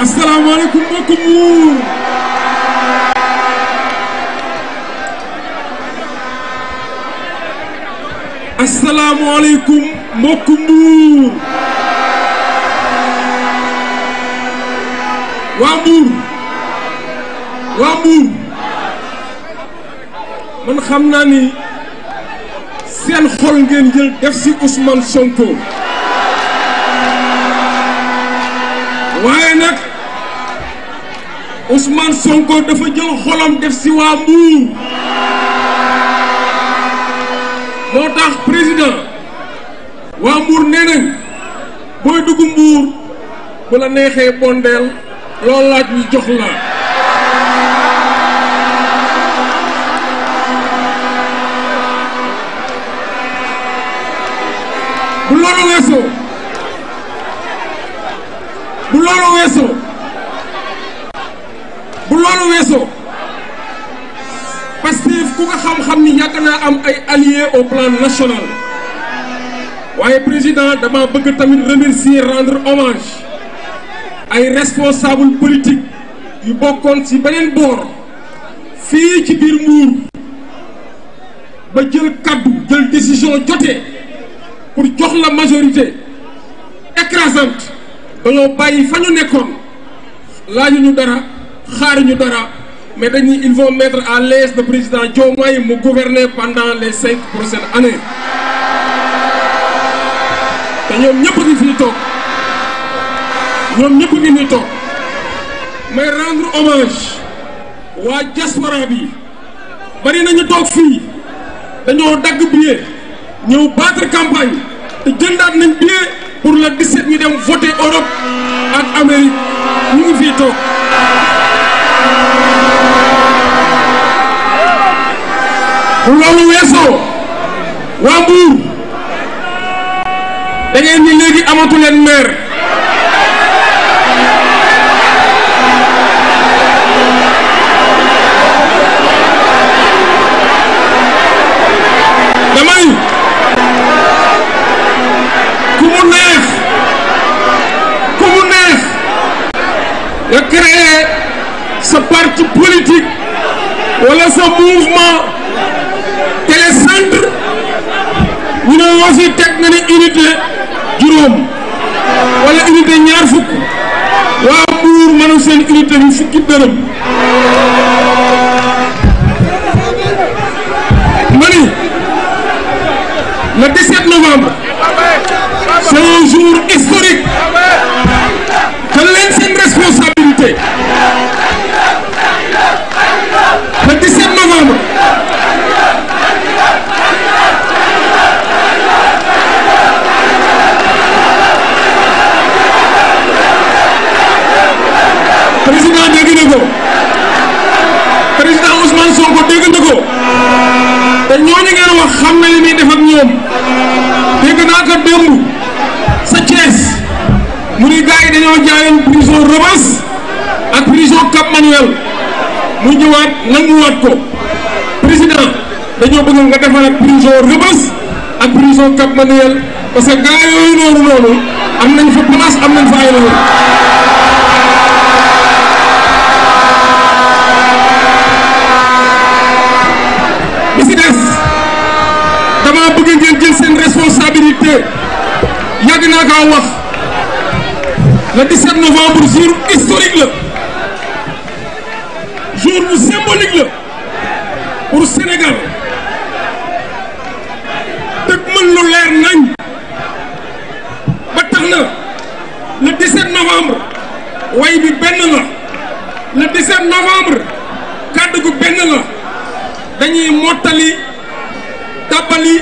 asalaamaaleykum mbokk Mbour. asalaamaaleykum mbokk waa Mbour. man xam naa seen xol ngeen jël def ci Ousmane Sonko. waaye nag Ousmane Sonko dafa jël xolam def si waa Mbour moo tax président waa Mbour nee nañ booy dugg Mbour bu la neexee bondeel loolu laaj ñu jox la bu loolu weesoo ku ko xam-xam ni yàgg naa am ay alliés au plan national waaye président dama bëgg tamit remercier rendre hommage ay responsable politique yu bokkoon ci beneen boor fii ci biir Mbour ba jël kaddu jël décision jotee pour jox la majorité écrasante dañoo bàyyi fa ñu nekkoon laaju ñu dara xaari ñu dara mais dañuy ils vont mettre à l'aise le président Diomaye mu gouverner pendant les cinq prochaines années te ñoom ñëpp ngi fi toog ñoom ñëpp ngi fi toog may rendre hommage waa diaspora bi bari nañu toog fii dañoo dagg billet ñëw battre campagne te jëndaat nañ billet pour le 17 ñu dem voter Europe ak Amérique ñu ngi fii toog. waa Mbour da ngeen ni ku mu neex ku mu neex nga créer sa parti politique wala sa mouvement télécentre ñu ne aussi teg na ne unité juróom wala unité ñaar fukk waa Mbuur mënu seen unité bi fukki dërëm ma ni le 17 novembre c'est un jour historique président dégg na ko président Ousmane Sonko dégg na ko te ñooñu ngeen wax xam na li muy ñoom dégg naa ko démb sa Thiès mu ni gars dañoo jaayoon prison Rebeuss ak prison Cap Manuel mu ñëwaat nanguwaat ko président dañoo bëgg nga defaraat prison Rebeuss ak prison Cap Manuel parce que gars yooyu noonu noonu am nañ fa place am nañ fa naa ko wax le 17 novembre jour historique la jour bu symbolique la pour Sénégal teg mën lu leer nañ ba tax na le 17 novembre way bi benn la le 17 novembre kàddu gu benn la dañuy mottali tàbbali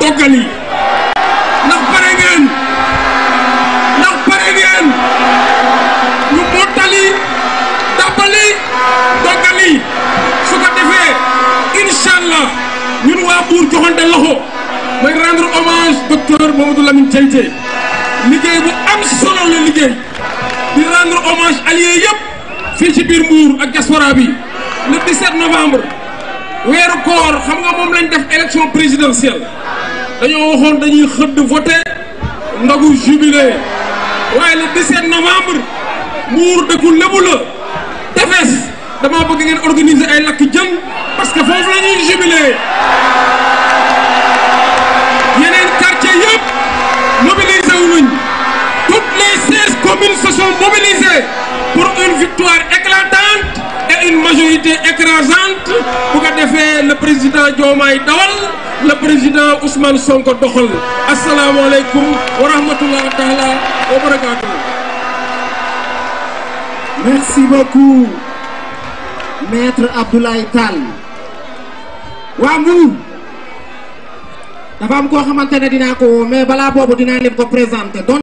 toggali ñun waa Mbour joxante loxo may rendre hommage docteur Mamadou Lamine Diaydié liggéey bu am solo la liggéey di rendre hommage alliés yëpp fii ci biir Mbour ak diaspora bi le 17 novembre weeru koor xam nga moom lañ def élection présidentielle dañoo waxoon dañuy xëdd voté ndogu jubilé waaye le 17 novembre Mbour dëkku lébu la tefes damaa bëgg ngeen organiser ay lakk jën parce que foofu la toutes les seize communes se sont pour une victoire éclatante et une majorité écrasante bu defee le président Diomaye dawal le président Ousmane Sonko doxal asalaamaaleykum wa rahmatullah taala waa Mourou dafa am koo xamante ne dinaa ko mais balaa boobu dinaa leen ko présenté.